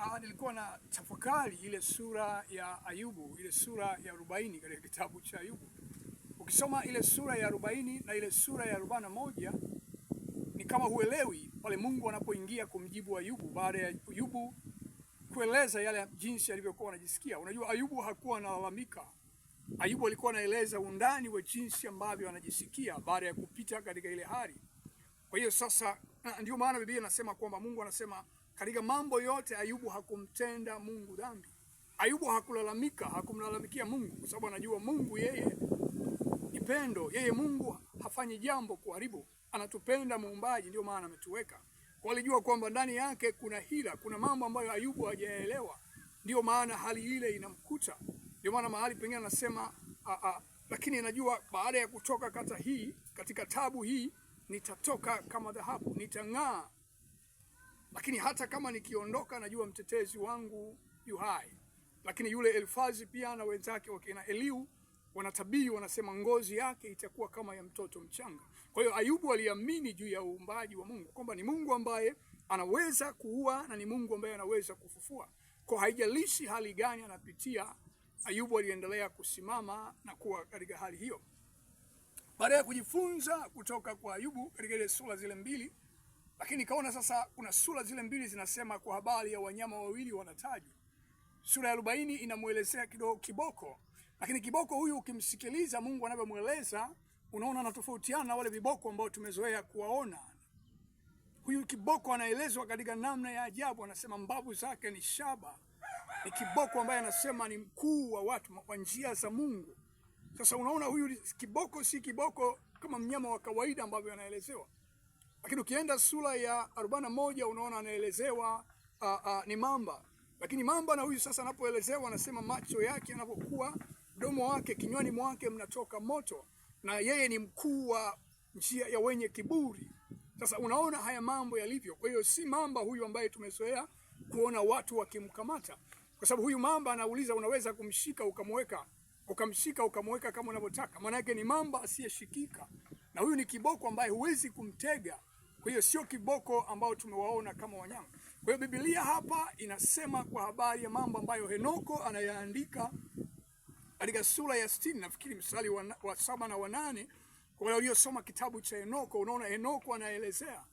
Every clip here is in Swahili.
Ah, nilikuwa na tafakari ile sura ya Ayubu, ile sura ya arobaini katika kitabu cha Ayubu. Ukisoma ile sura ya arobaini na ile sura ya arobaini na moja ni kama huelewi pale Mungu anapoingia kumjibu Ayubu baada ya Ayubu kueleza yale jinsi alivyokuwa anajisikia. Unajua, Ayubu hakuwa analalamika. Ayubu alikuwa anaeleza undani wa jinsi ambavyo anajisikia baada ya kupita katika ile hali. Kwa hiyo sasa, ndio maana Biblia inasema kwamba Mungu anasema katika mambo yote Ayubu hakumtenda Mungu dhambi. Ayubu hakulalamika, hakumlalamikia Mungu kwa sababu anajua Mungu yeye ni pendo, yeye Mungu hafanyi jambo kuharibu, anatupenda muumbaji, ndio maana ametuweka. Kwa alijua kwamba ndani yake kuna hila, kuna mambo ambayo Ayubu hajaelewa, ndio maana hali ile inamkuta. Ndio maana mahali pengine anasema a, a, lakini najua baada ya kutoka kata hii katika tabu hii nitatoka kama dhahabu, nitang'aa lakini hata kama nikiondoka, najua mtetezi wangu yu hai. Lakini yule Elfazi pia na wenzake wakina Eliu wanatabiri, wanasema ngozi yake itakuwa kama ya mtoto mchanga. Kwa hiyo Ayubu aliamini juu ya uumbaji wa Mungu kwamba ni Mungu ambaye anaweza kuua na ni Mungu ambaye anaweza kufufua. Kwa haijalishi hali gani anapitia, Ayubu aliendelea kusimama na kuwa katika hali hiyo. Baada ya kujifunza kutoka kwa Ayubu katika ile sura zile mbili lakini kaona sasa kuna sura zile mbili zinasema kwa habari ya wanyama wawili wanatajwa. Sura ya arobaini inamwelezea kidogo kiboko, lakini kiboko huyu ukimsikiliza Mungu anavyomweleza unaona anatofautiana na wale viboko ambao tumezoea kuwaona. Huyu kiboko anaelezwa katika namna ya ajabu, anasema mbavu zake ni shaba. Ni kiboko ambaye anasema ni mkuu wa watu kwa njia za Mungu. Sasa unaona huyu kiboko si kiboko kama mnyama wa kawaida ambavyo anaelezewa. Lakini ukienda sura ya arobaini na moja unaona anaelezewa ni mamba, lakini mamba na huyu sasa anapoelezewa anasema macho yake yanapokuwa mdomo wake kinywani mwake mnatoka moto, na yeye ni mkuu wa njia ya wenye kiburi. Sasa unaona haya mambo yalivyo. Kwa hiyo si mamba huyu ambaye tumezoea kuona watu wakimkamata, kwa sababu huyu mamba anauliza, unaweza kumshika ukamweka ukamshika ukamweka kama unavyotaka. Maana yake ni mamba asiyeshikika, na huyu ni kiboko ambaye huwezi kumtega. Kwa hiyo sio kiboko ambao tumewaona kama wanyama. Kwa hiyo Biblia hapa inasema kwa habari ya mambo ambayo Henoko anayaandika katika sura ya sitini nafikiri mstari wa, wa saba na wanane. Kwa wale waliosoma kitabu cha Henoko, unaona Henoko anaelezea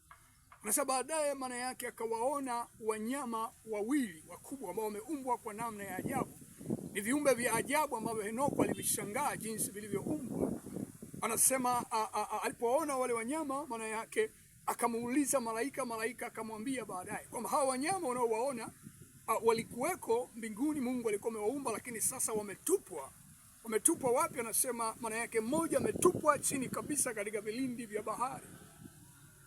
nasa, baadaye maana yake akawaona wanyama wawili wakubwa ambao wameumbwa kwa namna ya ajabu. Ni viumbe vya ajabu ambavyo Henoko alivishangaa jinsi vilivyoumbwa. Anasema alipoona wale wanyama maana yake akamuuliza malaika, malaika akamwambia baadaye kwamba hawa wanyama unaowaona walikuweko mbinguni, Mungu alikuwa amewaumba, lakini sasa wametupwa. Wametupwa wapi? Anasema maana yake mmoja ametupwa chini kabisa katika vilindi vya bahari,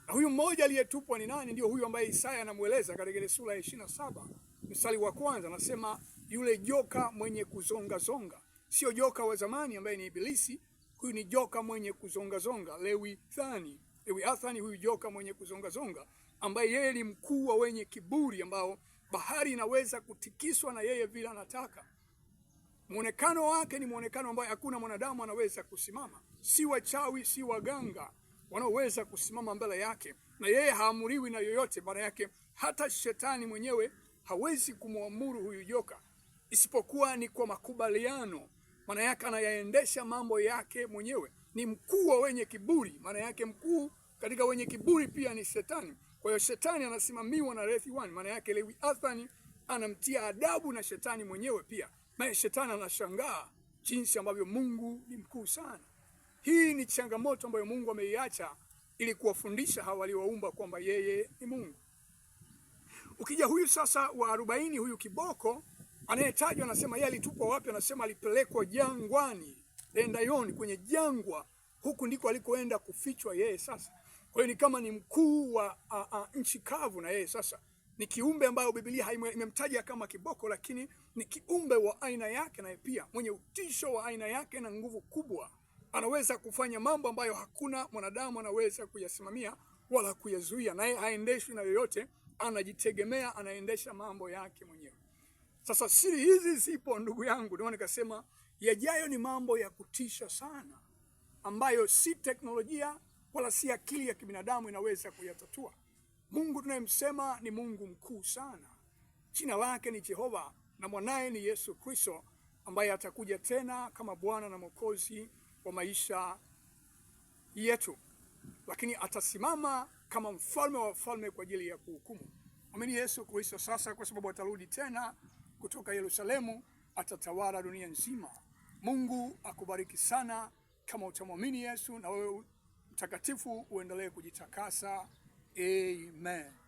na huyu mmoja aliyetupwa ni nani? Ndio huyu ambaye Isaya anamweleza katika ile sura ya ishirini na saba mstari wa kwanza, anasema yule joka mwenye kuzongazonga. Sio joka wa zamani ambaye ni Ibilisi, huyu ni joka mwenye kuzongazonga, thani Lewiathani huyu joka mwenye kuzongazonga, ambaye yeye ni mkuu wa wenye kiburi, ambao bahari inaweza kutikiswa na yeye vile anataka. Mwonekano wake ni mwonekano ambaye hakuna mwanadamu anaweza kusimama, si wachawi, si waganga wanaoweza kusimama mbele yake, na yeye haamuriwi na yoyote. Maana yake hata shetani mwenyewe hawezi kumwamuru huyu joka, isipokuwa ni kwa makubaliano. Maana yake anayaendesha mambo yake mwenyewe ni mkuu wa wenye kiburi. Maana yake mkuu katika wenye kiburi pia ni Shetani. Kwa hiyo Shetani anasimamiwa na Leviathan, maana yake Lewi Athani anamtia adabu na Shetani mwenyewe pia, Maana Shetani anashangaa jinsi ambavyo Mungu ni mkuu sana. Hii ni changamoto ambayo Mungu ameiacha ili kuwafundisha hawa waliowaumba kwamba yeye ni Mungu. Ukija huyu sasa wa arobaini, huyu kiboko anayetajwa, anasema yeye alitupwa wapi? Anasema alipelekwa jangwani Dendayoni kwenye jangwa, huku ndiko alikoenda kufichwa yeye sasa. Kwa hiyo ni kama ni mkuu wa nchi kavu, na yeye sasa ni kiumbe ambayo Biblia imemtaja kama kiboko, lakini ni kiumbe wa aina yake, naye pia mwenye utisho wa aina yake na nguvu kubwa. Anaweza kufanya mambo ambayo hakuna mwanadamu anaweza kuyasimamia wala kuyazuia, naye haendeshwi na yoyote, anajitegemea, anaendesha mambo yake mwenyewe. Sasa siri hizi zipo, ndugu yangu, ndio nikasema Yajayo ni mambo ya kutisha sana, ambayo si teknolojia wala si akili ya kibinadamu inaweza kuyatatua. Mungu tunayemsema ni Mungu mkuu sana, jina lake ni Jehova na mwanaye ni Yesu Kristo ambaye atakuja tena kama Bwana na Mwokozi wa maisha yetu, lakini atasimama kama mfalme wa wafalme kwa ajili ya kuhukumu. Amini Yesu Kristo sasa, kwa sababu atarudi tena kutoka Yerusalemu, atatawala dunia nzima. Mungu akubariki sana kama utamwamini Yesu, na wewe mtakatifu uendelee kujitakasa. Amen.